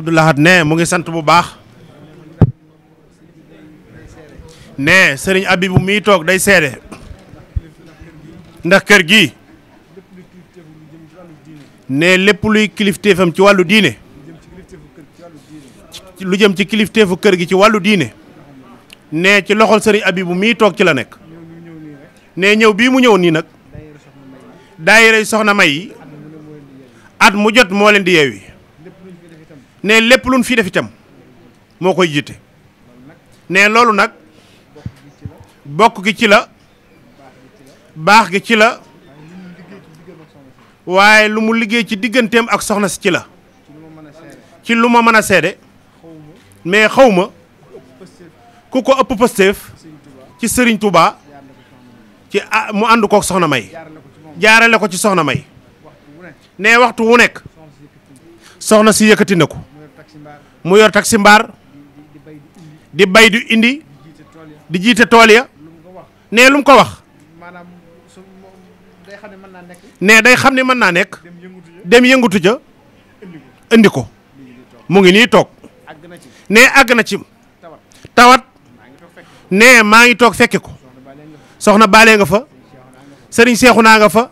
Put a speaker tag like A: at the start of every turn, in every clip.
A: Abdou Lahad ne mu ngi sant bu baax ne sëriñ Abibu mii toog day seede ndax kër gi ne lépp luy kilifteefam ci wàllu diine lu jëm ci kilifteefu kër gi ci wàllu diine ne ci loxol sëriñ Abibu mii toog ci la nekk ne ñëw bii mu ñëw nii nag daayira soxna may yi at mu jot moo leen di yeewi ne lépp luñ fii def itam moo koy jiite ne loolu nag bokk gi ci la baax gi ci la waaye lu mu liggéey ci digganteem ak soxna si ci la ci lu ma mën a seede mais xaw ma ku ko ëpp pësteef ci sëriñ Touba ci mu ànd kook soxna may jaarale ko ci soxna may ne waxtu wu nekk soxna si yëkkati na ko mu yor taxi mbaar di bay du indi di jiite tool ya nee lu ko wax ne day xam ne mën naa nekk dem yëngatu ja indi ko mu ngi nii toog nee àgg na ci tawat ne maa ngi toog fekke ko soxna baalee nga fa sëriñ seexu naa nga fa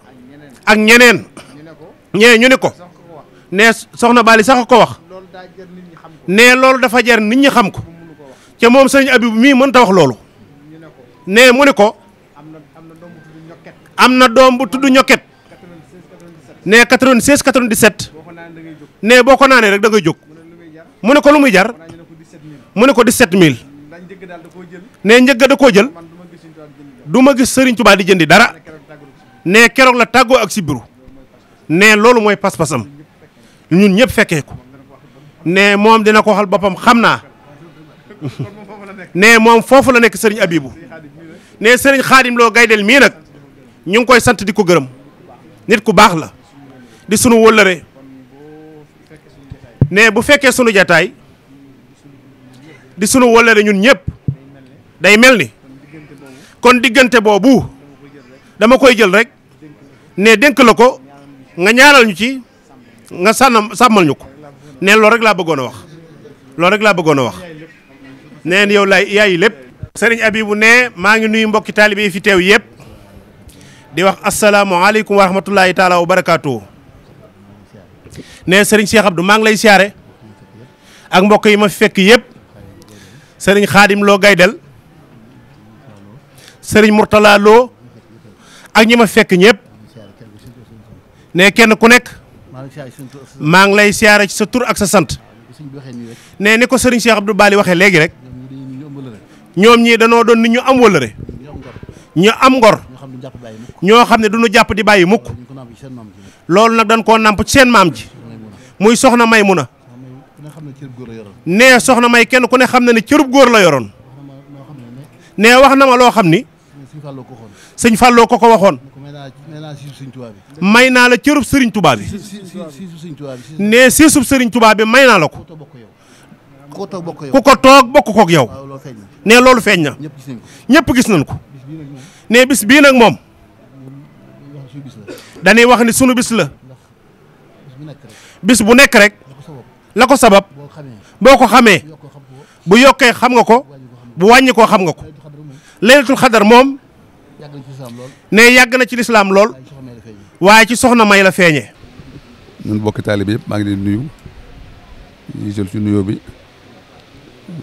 A: ak ñeneen ñee ñu ne ko nee soxna Bali sax ko wax nee loolu dafa jar nit ñi xam ko ca moom sëñ Abib mii mënta wax loolu nee mu ne ko am na doom bu tudd ñokket nee 96 97 nee boo ko naanee rek da ngay jóg mu ne ko lu muy jar mu ne ko 17000 nee njëgg da koo jël du ma gis Serigne Touba di jëndi dara nee keroog la tàggoo ak sibiru nee loolu mooy pas-pasam. ñun ñëpp fekkee ko ne moom dina ko xal boppam xam naa ne moom foofu la nekk sëriñ Abibu ne sëriñ Xaadim Lo Gaydel mii nag ñu ngi koy sant di ko gërëm nit ku baax la di sunu wëllëre ne bu fekkee sunu jataay di sunu wëllëre ñun ñëpp day mel ni kon diggante boobu dama koy jël rek ne dénk la ko nga ñaaral ñu ci nga sànnam sàmmal ñu ko neen loolu rek laa bëggoon a wax loolu rek laa bëggoon a wax neen yow laay yaayi lépp sëriñ Abibu ne maa ngi nuyu mbokki taalibe fi teew yëpp di wax assalaamu wa rahmatullahi taala wa barakaatu ne sëriñ Cheikh Abdou maa ngi lay siyaare ak mbokk yi ma fekk yëpp sëriñ Xaadim Lo Gaydel sëriñ Mourtala Lo ak ñi ma fekk ñëpp ne kenn ku nekk maa ngi lay siyaare ci sa tur ak sa sant nee ni ko sëriñ Cheikh Abdou Bali waxee léegi rek ñoom ñii danoo doon nit ñu am wëllëre ñu am ngor ñoo xam ne du ñu jàpp di bàyyi mukk loolu nag dañ koo nàmp ci seen maam ji muy soxna may mun a nee soxna may kenn ku ne xam na ne cërub góor la yoroon nee wax na xam ni sëñ Fallou ko waxoon. ko ko waxoon. may naa siisu sëñ Tuubaa bi. may naa la cërub sëriñ Tuubaa bi. nee siisub sëriñ Tuubaa bi may naa la ko.
B: ku ko toog bokk yow ku ko toog
A: bokk nee loolu feeñ na. ñëpp gis nañ ko. nee bis bii nag moom. dañuy wax ni sunu bis la. bis bu nekk rek. la ko sabab. boo ko xamee. bu yokkee xam nga ko. bu wàññi koo xam nga ko. laylatul xadar moom ne yàgg na ci lislaam lool
B: waaye ci soxna may la feeñe ñun bokki taalibe yëpp maa ngi di nuyu ñu sol ci nuyoo bi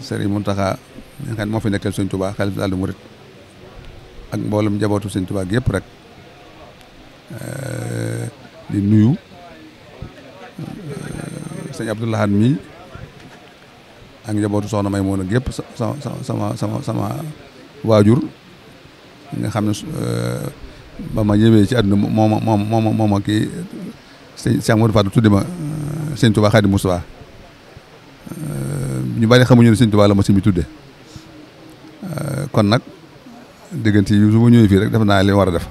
B: Serigne Mountakha nga xam ne moo fi nekkal Sëñ Tuubaa xalifa daal murit ak mboolem njabootu Sëñ Tuubaa gi yëpp rek di nuyu sëñ Abdou Lahad mi ak njabootu soxna Maymuna gépp sama sama sama sama waajur nga xam ne euh, ba ma ñëwee ci àdduna moo ma moo ma moo ma kii sëñ Cheikh Modou Fatou tudde ma euh, sëñ Touba Khadim Moustapha euh, ñu bari xamuñu ne sëñ Touba la ma sëñ tudde kon nag diggante yi su ma ñëwee fii rek def naa li war a def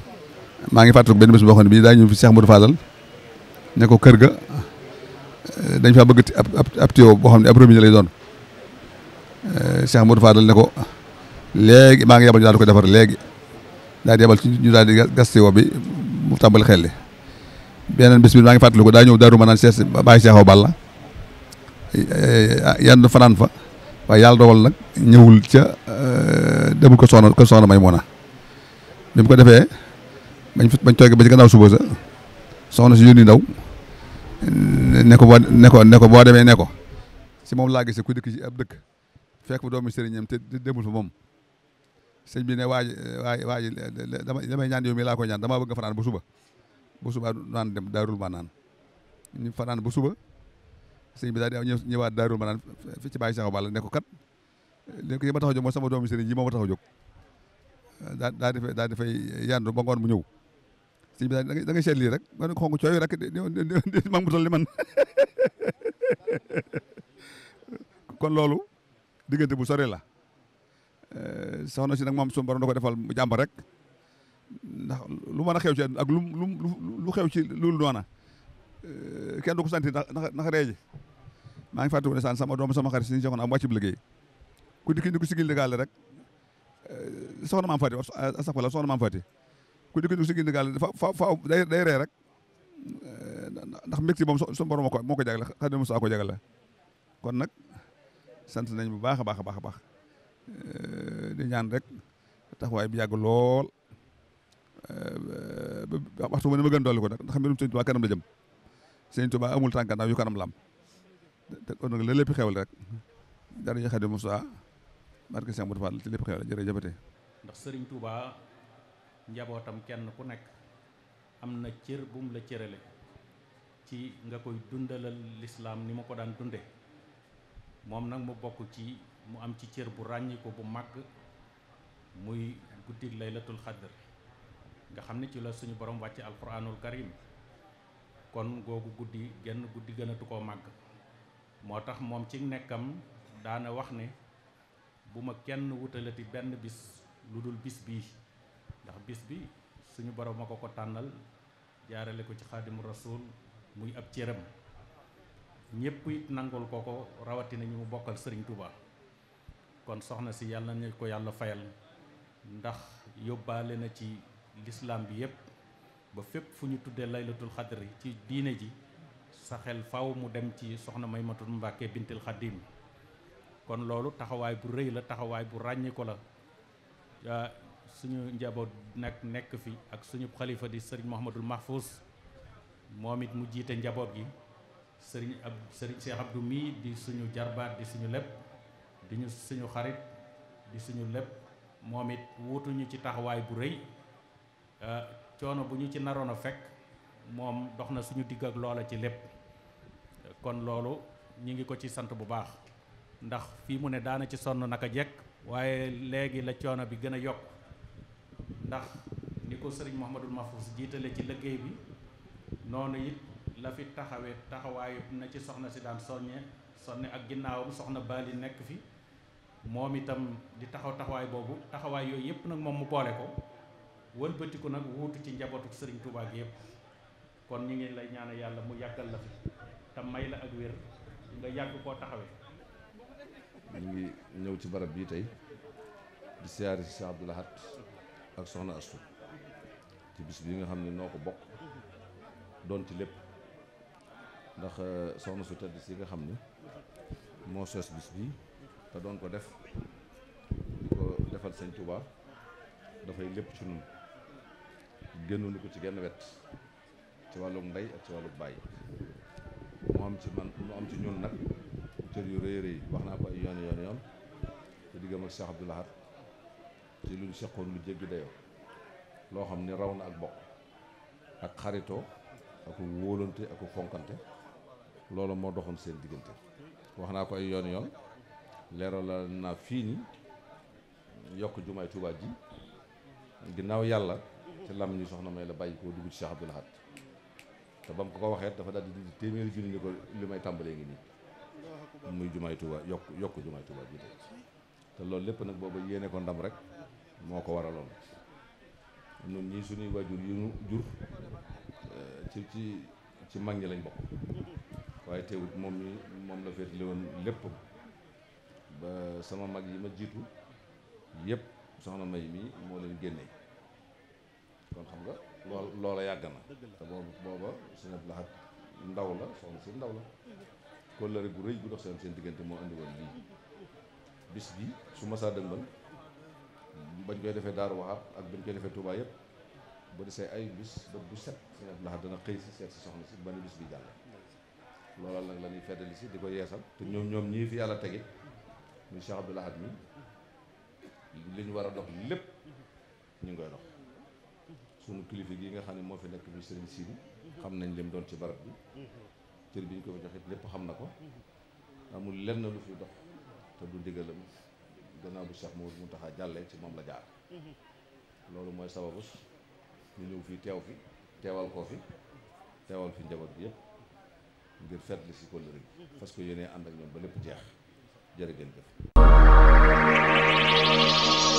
B: maa ngi fàttaliku benn bés boo xam ne bii daa ñëw fi Cheikh Modou Fadal ne ko kër ga dañ faa bëgg ab ab ab boo xam ne ab robinet lay doon Cheikh Modou Fadal ne ko léegi maa ngi yebal ñu di ko defar léegi daal di ci ñu daal di gas bi mu tàmbali xelli beneen bis bi maa ngi fàttaliku daa ñëw Daaru Manaan sees bàyyi Seex Awa Balla yenn fanaan fa waaye yàlla dogal nag ñëwul ca euh, demul ko soxna ko soxna Maymuna bi mu ko defee bañ bañ toogee ba ci gannaaw suba soxna si yónni ndaw ne ko boo ne ko ne boo demee ne ko si moom laa gis ku dëkk ci ab dëkk fekk fa doomu sëriñam te demul fa moom sëñ bi ne waaji waay waaji dama damay ñaan yow mi laa koy ñaan dama bëgg nga fanaan ba suba bu suba naan dem daarul manaan ñu fanaan ba suba sëñ bi daal di ñëwaat daarul manaan fi ci bàyyi saxo balla ne ko kat léegi ko yi ma tax jóg sama doomu sëriñ yi moo ma tax daa daa di fay daa di fay ba ngoon mu ñëw sëñ bi daal da ngay lii rek man xonk cooy rek di mag mu li man kon loolu diggante bu sori la soxna si nag moom suñu borom ko defal mu jàmbar rek lu mën a xew ci ak lu lu lu xew ci lu loolu noona euh, kenn du ko sant ndax ndax reeji maa ngi fàttaliku ne saan sama doom sama xarit si joxoon am wàccib liggéey ku dikki ni ko sigil rek euh, soxna maam Fati asafala soxna maam ku dikki ni ko sigil ndigaale fa day day rek euh, ndax mbégte moom suñu borom moo ko moo ko jagle Xaadimu Mustafaa ko jagle kon nag sant nañ bu baax a baax a baax a baax di ñaan rek taxawaay bi yàgg lool ba eh, eh, waxtu mu ne ma gën dolli ko nag ndax mbirum sëñ Tuubaa kanam la jëm seen tubaa amul tànkanaaw yu kanam la te kon la lépp xewal rek jërëjëf Xadim Moussa barke Sëñ lépp xewal jërëjëfate
C: ndax sëriñ Tuubaa njabootam kenn ku nekk am na cër bu mu la cërale ci nga koy dundalal lislaam ni mu ko daan dunde moom nag mu bokk ci mu am ci cër bu ràññi ko bu màgg muy guddig laylatul xadr nga xam ne ci la suñu borom wàcce alquranul karim kon googu guddi genn guddi gënatu ko màgg moo tax moom ci nekkam daane wax ne bu ma kenn wutalati benn bis lu dul bis bi ndax bis bi suñu borom ma ko ko tànnal jaarale ko ci xaadimu rasul muy ab cëram ñépp it nangul ko ko rawatina ñu mu bokkal sëriñ Touba kon soxna si yàlla nañu ko yàlla fayal ndax yóbbaale na ci lislaam bi yépp ba fépp fu ñu tuddee laylatul xadri ci diine ji sa xel faw mu dem ci soxna matul Mbàkke bintil xaddim kon loolu taxawaay bu rëy la taxawaay bu ràññi ko la ah, suñu njaboot nag nekk fi ak suñu xalifa di sëriñ Mouhamadul Mahfous moom it mu jiite njaboot gi sëriñ ab sëriñ Cheikh Abdou mii di suñu jarbaat di suñu lépp di suñu xarit di suñu lépp moom it wuutuñu ci taxawaay bu rëy euh, coono bu ñu ci naroon a fekk moom dox na suñu digg ak loola ci lépp kon loolu ñu ngi ko ci sant bu baax ndax fii mu ne daana ci sonn naka jekk waaye léegi la coono bi gën a yokk ndax ni ko sëriñ Mouhamadul Mahfouz jiitale ci liggéey bi noonu it la fi taxawee taxawaayu na ci soxna si daan soññe sonne ak ginnaawam soxna Bali nekk fi moom itam di taxaw taxawaay boobu taxawaay yooyu yëpp nag moom mu boole ko wëlbatiku nag wuutu ci njabootu sëriñ Touba gi yëpp kon ñu ngi lay ñaanal yàlla mu yàggal la fi te may la ak wér nga yàgg koo taxawee.
D: ñu ngi ñëw ci barab bii tey di siyaare si Abdou Lahad ak Soxna Astou ci bis bi nga xam ne noo ko bokk doon ci lépp ndax euh, soxna su tedd si nga xam ni moo sos bis bi. te doon ko def di ko defal sëñ Touba dafay lépp ci nun génnuñu ko ci genn wet ci wàllum ndey ak ci wàllum bàyyi mu am ci man mu am ci ñun nag cër yu rëy rëy wax naa ko ay yoon yoon yoon ci diggam ak ci lu seqoon lu jéggi dayoo loo xam ni raw na ak bokk ak xaritoo ak wóolante ak fonkante loolu moo doxoon seen diggante wax naa ko ay yoon yoon la naa fii ni yokk jumaay Tuubaa ji ginnaaw yàlla ci lam ñu soxna may la bàyyi koo dugg ci Cheikh Abdoul Ahad te ba mu ko ko waxee dafa daal di téeméeri junni ni ko li may tàmbalee ngi nii muy jumaay Tuubaa yokk yokk jumaay Tuubaa ji te loolu lépp nag booba yéene ko ndam rek moo ko waraloon ñun ñii suñuy waajur yu ñu jur eh, ci ci ci mag ñi lañ bokk waaye teewut moom la féetli woon lépp ba sama mag yi ma jiitu yépp soxna May mi moo leen génnee kon xam nga lool loola yàgg na te boobu booba sëñ Abdou ndaw la soxna si ndaw la kóllëre gu rëy gu dox seen seen diggante moo andi woon lii bis bi su masaa dëngal bañ koy defee daar Waxaat ak bañ koy defee Touba yëpp ba desee ay bis ba bu set sëñ Abdou dana xëy si seet si soxna si ba ne bis bi jàll loolal la ñuy feddali si di ko yeesal te ñoom ñoom ñii fi yàlla tegit muy Cheikh Abdoul mi li ñu war a dox lépp ñu ngi koy dox sunu kilifa gi nga xam ne moo fi nekk muy Serigne Sidi xam nañ lim doon ci barab bi cër bi ñu ko fa joxit lépp xam na ko amul lenn lu fi dox te du ndigalam gannaaw bu Cheikh Mawud mu taxa jàllee ci moom la jaar loolu mooy sababus ñu ñëw fii teew fi teewal koo fi teewal fi njaboot bi yëpp ngir fetli si kóllëre gi fas ko yéenee ànd ak ñoom ba lépp jeex jërë ngeen jëf